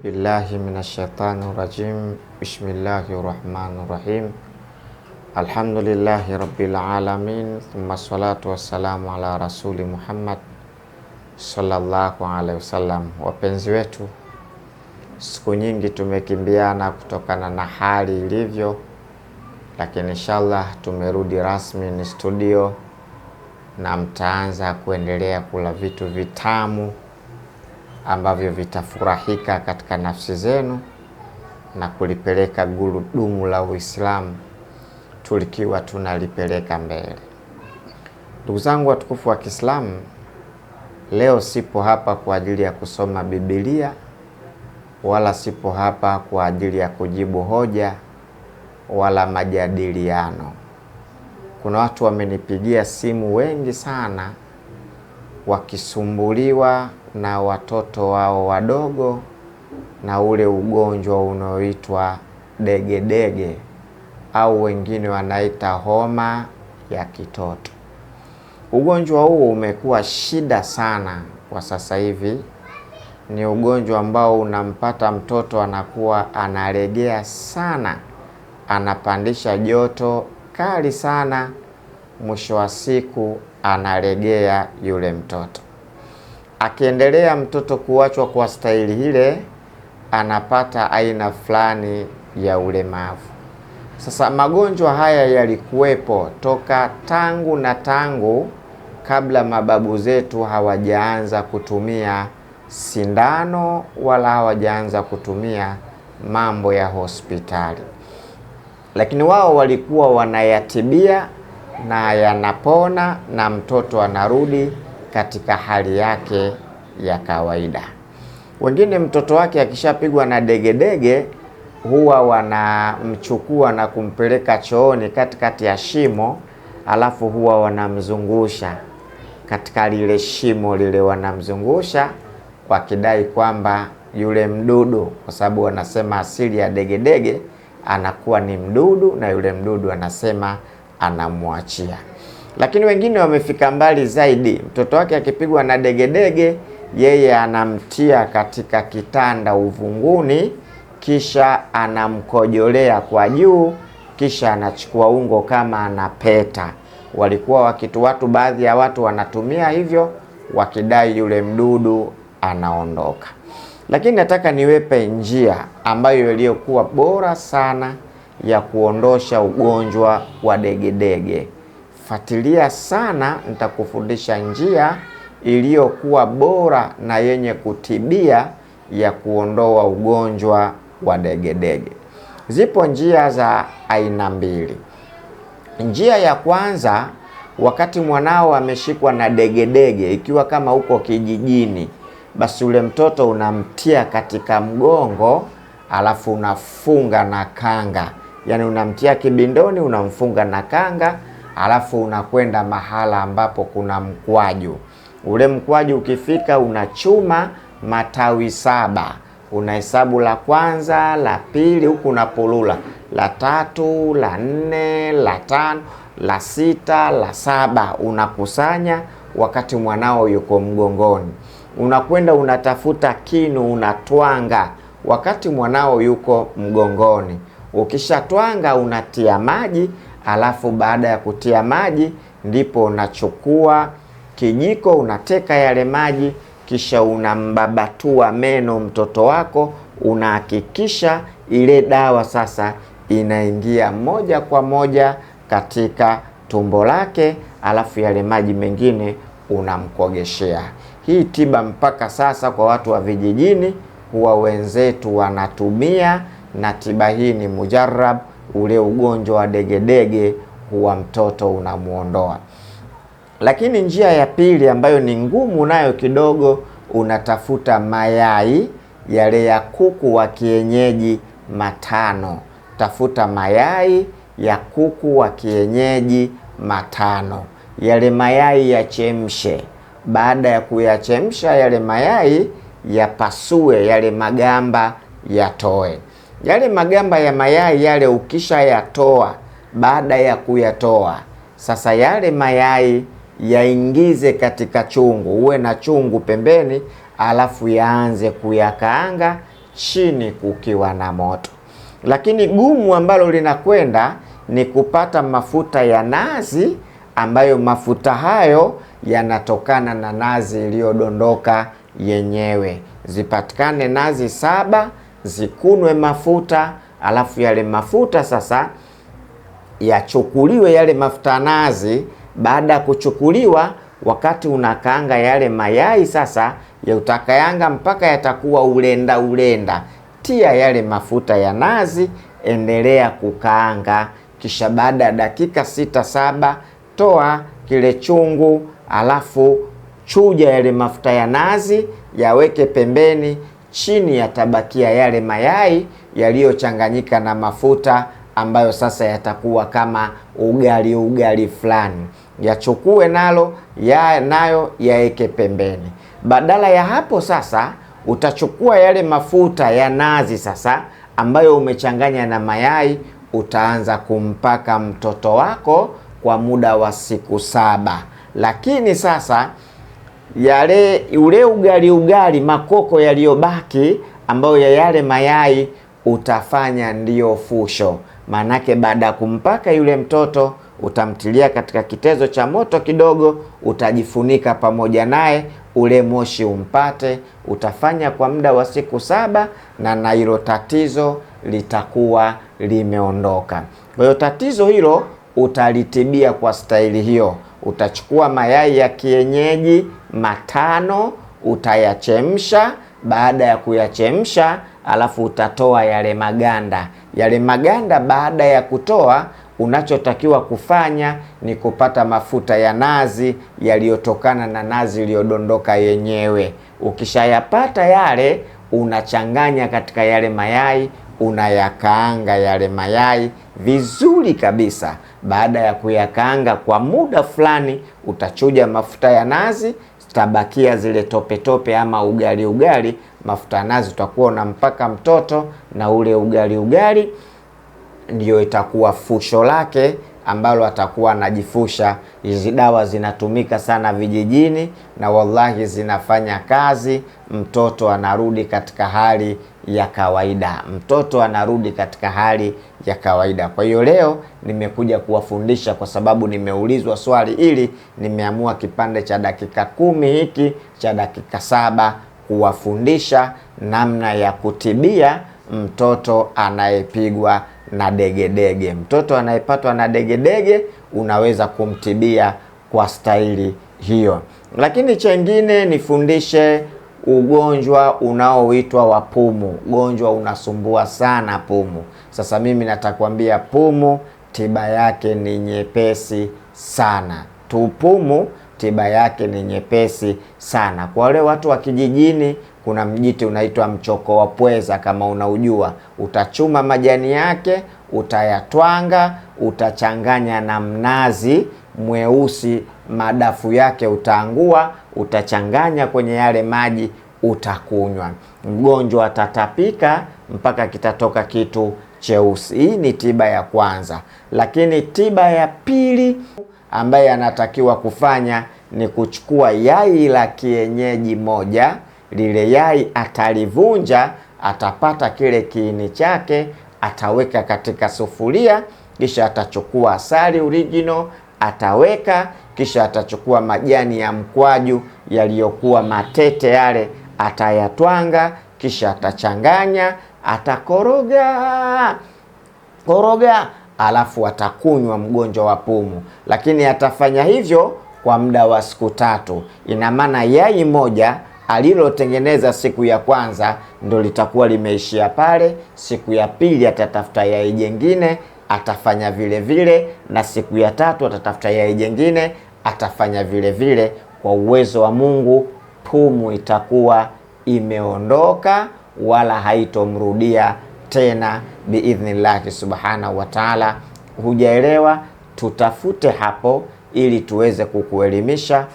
billahi minashaitani rajim bismillahi rahmani rahim alhamdulillahi rabbil alamin thumma salatu wassalamu ala rasuli Muhammad sallallahu alaihi wasallam. Wapenzi wetu, siku nyingi tumekimbiana kutokana na hali ilivyo, lakini inshallah tumerudi rasmi ni studio na mtaanza kuendelea kula vitu vitamu ambavyo vitafurahika katika nafsi zenu na kulipeleka gurudumu la Uislamu tulikiwa tunalipeleka mbele. Ndugu zangu watukufu wa Kiislamu, leo sipo hapa kwa ajili ya kusoma Biblia wala sipo hapa kwa ajili ya kujibu hoja wala majadiliano. Kuna watu wamenipigia simu wengi sana wakisumbuliwa na watoto wao wadogo na ule ugonjwa unaoitwa degedege au wengine wanaita homa ya kitoto. Ugonjwa huu umekuwa shida sana kwa sasa hivi. Ni ugonjwa ambao unampata mtoto anakuwa analegea sana, anapandisha joto kali sana, mwisho wa siku analegea yule mtoto. Akiendelea mtoto kuachwa kwa staili ile, anapata aina fulani ya ulemavu. Sasa magonjwa haya yalikuwepo toka tangu na tangu kabla mababu zetu hawajaanza kutumia sindano wala hawajaanza kutumia mambo ya hospitali, lakini wao walikuwa wanayatibia na yanapona na mtoto anarudi katika hali yake ya kawaida. Wengine mtoto wake akishapigwa na degedege huwa wanamchukua na kumpeleka chooni katikati ya shimo, alafu huwa wanamzungusha katika lile shimo lile, wanamzungusha kidai kwamba yule mdudu, kwa sababu wanasema asili ya degedege anakuwa ni mdudu, na yule mdudu anasema anamwachia. Lakini wengine wamefika mbali zaidi, mtoto wake akipigwa na degedege, yeye anamtia katika kitanda uvunguni, kisha anamkojolea kwa juu, kisha anachukua ungo kama anapeta. Walikuwa wakitu watu, baadhi ya watu wanatumia hivyo, wakidai yule mdudu anaondoka. Lakini nataka niwepe njia ambayo iliyokuwa bora sana ya kuondosha ugonjwa wa degedege. Fatilia sana, nitakufundisha njia iliyokuwa bora na yenye kutibia ya kuondoa ugonjwa wa degedege. Zipo njia za aina mbili. Njia ya kwanza, wakati mwanao ameshikwa na degedege, ikiwa kama uko kijijini, basi ule mtoto unamtia katika mgongo, alafu unafunga na kanga yani unamtia kibindoni, unamfunga na kanga, alafu unakwenda mahala ambapo kuna mkwaju. Ule mkwaju ukifika, unachuma matawi saba, unahesabu la kwanza, la pili, huku unapulula la tatu, la nne, la tano, la sita, la saba, unakusanya wakati mwanao yuko mgongoni. Unakwenda unatafuta kinu, unatwanga wakati mwanao yuko mgongoni. Ukishatwanga unatia maji, alafu baada ya kutia maji ndipo unachukua kijiko unateka yale maji, kisha unambabatua meno mtoto wako, unahakikisha ile dawa sasa inaingia moja kwa moja katika tumbo lake, alafu yale maji mengine unamkogeshea. Hii tiba mpaka sasa kwa watu wa vijijini huwa wenzetu wanatumia na tiba hii ni mujarab. Ule ugonjwa wa degedege huwa mtoto unamuondoa. Lakini njia ya pili ambayo ni ngumu nayo kidogo, unatafuta mayai yale ya kuku wa kienyeji matano. Tafuta mayai ya kuku wa kienyeji matano, yale mayai yachemshe. Baada ya kuyachemsha yale mayai, yapasue yale magamba, yatoe. Yale magamba ya mayai yale ukisha yatoa baada ya kuyatoa sasa, yale mayai yaingize katika chungu, uwe na chungu pembeni, alafu yaanze kuyakaanga chini kukiwa na moto. Lakini gumu ambalo linakwenda ni kupata mafuta ya nazi, ambayo mafuta hayo yanatokana na nazi iliyodondoka yenyewe. Zipatikane nazi saba zikunwe mafuta, alafu yale mafuta sasa yachukuliwe yale mafuta nazi. Baada ya kuchukuliwa, wakati unakaanga yale mayai sasa, ya utakayanga mpaka yatakuwa ulenda ulenda, tia yale mafuta ya nazi, endelea kukaanga, kisha baada ya dakika sita saba toa kile chungu, alafu chuja yale mafuta ya nazi, yaweke pembeni chini yatabakia yale mayai yaliyochanganyika na mafuta ambayo sasa yatakuwa kama ugali ugali fulani, yachukue nalo ya nayo yaeke pembeni. Badala ya hapo sasa, utachukua yale mafuta ya nazi sasa ambayo umechanganya na mayai, utaanza kumpaka mtoto wako kwa muda wa siku saba, lakini sasa yale ule ugali ugali makoko yaliyobaki ambayo ya yale mayai utafanya ndiyo fusho. Maanake baada ya kumpaka yule mtoto utamtilia katika kitezo cha moto kidogo, utajifunika pamoja naye, ule moshi umpate. Utafanya kwa muda wa siku saba, na na hilo tatizo litakuwa limeondoka. Kwa hiyo tatizo hilo utalitibia kwa staili hiyo. Utachukua mayai ya kienyeji matano utayachemsha. Baada ya kuyachemsha, alafu utatoa yale maganda. Yale maganda baada ya kutoa, unachotakiwa kufanya ni kupata mafuta ya nazi yaliyotokana na nazi iliyodondoka yenyewe. Ukishayapata yale, unachanganya katika yale mayai, unayakaanga yale mayai vizuri kabisa. Baada ya kuyakaanga kwa muda fulani, utachuja mafuta ya nazi, tabakia zile tope tope ama ugali ugali. Mafuta ya nazi utakuwa mpaka mtoto na ule ugali ugali ndiyo itakuwa fusho lake ambalo atakuwa anajifusha. Hizi dawa zinatumika sana vijijini, na wallahi zinafanya kazi. Mtoto anarudi katika hali ya kawaida, mtoto anarudi katika hali ya kawaida. Kwa hiyo leo nimekuja kuwafundisha kwa sababu nimeulizwa swali ili nimeamua kipande cha dakika kumi hiki cha dakika saba kuwafundisha namna ya kutibia mtoto anayepigwa na degedege. Mtoto anayepatwa na degedege unaweza kumtibia kwa staili hiyo, lakini chengine nifundishe ugonjwa unaoitwa wa pumu. Ugonjwa unasumbua sana pumu. Sasa mimi natakwambia pumu tiba yake ni nyepesi sana tu. Pumu tiba yake ni nyepesi sana. Kwa wale watu wa kijijini, kuna mjiti unaitwa mchoko wa pweza, kama unaujua, utachuma majani yake, utayatwanga, utachanganya na mnazi mweusi, madafu yake utaangua utachanganya kwenye yale maji, utakunywa. Mgonjwa atatapika mpaka kitatoka kitu cheusi. Hii ni tiba ya kwanza, lakini tiba ya pili ambaye anatakiwa kufanya ni kuchukua yai la kienyeji moja. Lile yai atalivunja, atapata kile kiini chake, ataweka katika sufuria, kisha atachukua asali original ataweka kisha atachukua majani ya mkwaju yaliyokuwa matete yale, atayatwanga, kisha atachanganya, atakoroga koroga, alafu atakunywa mgonjwa wa pumu. Lakini atafanya hivyo kwa muda wa siku tatu. Ina maana yai moja alilotengeneza siku ya kwanza ndo litakuwa limeishia pale. Siku ya pili atatafuta yai jengine atafanya vile vile, na siku ya tatu atatafuta yai jengine, atafanya vile vile. Kwa uwezo wa Mungu, pumu itakuwa imeondoka wala haitomrudia tena, biidhnillahi subhanahu wa taala. Hujaelewa, tutafute hapo ili tuweze kukuelimisha.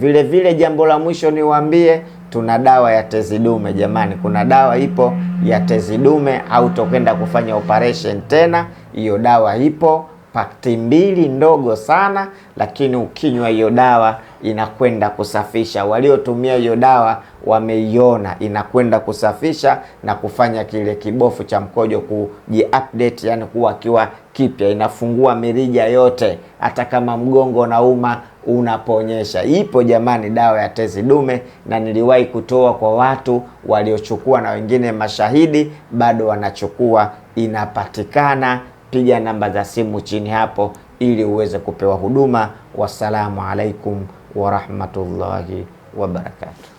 Vile vile, jambo la mwisho niwaambie tuna dawa ya tezi dume jamani, kuna dawa ipo ya tezi dume, au tokenda kufanya operation tena, hiyo dawa ipo pakti mbili ndogo sana, lakini ukinywa hiyo dawa inakwenda kusafisha. Waliotumia hiyo dawa wameiona inakwenda kusafisha na kufanya kile kibofu cha mkojo kujiupdate, yani kuwa kiwa kipya. Inafungua mirija yote, hata kama mgongo na uma unaponyesha. Ipo jamani, dawa ya tezi dume, na niliwahi kutoa kwa watu waliochukua na wengine mashahidi bado wanachukua, inapatikana piga namba za simu chini hapo ili uweze kupewa huduma. Wassalamu alaikum warahmatullahi wabarakatuh.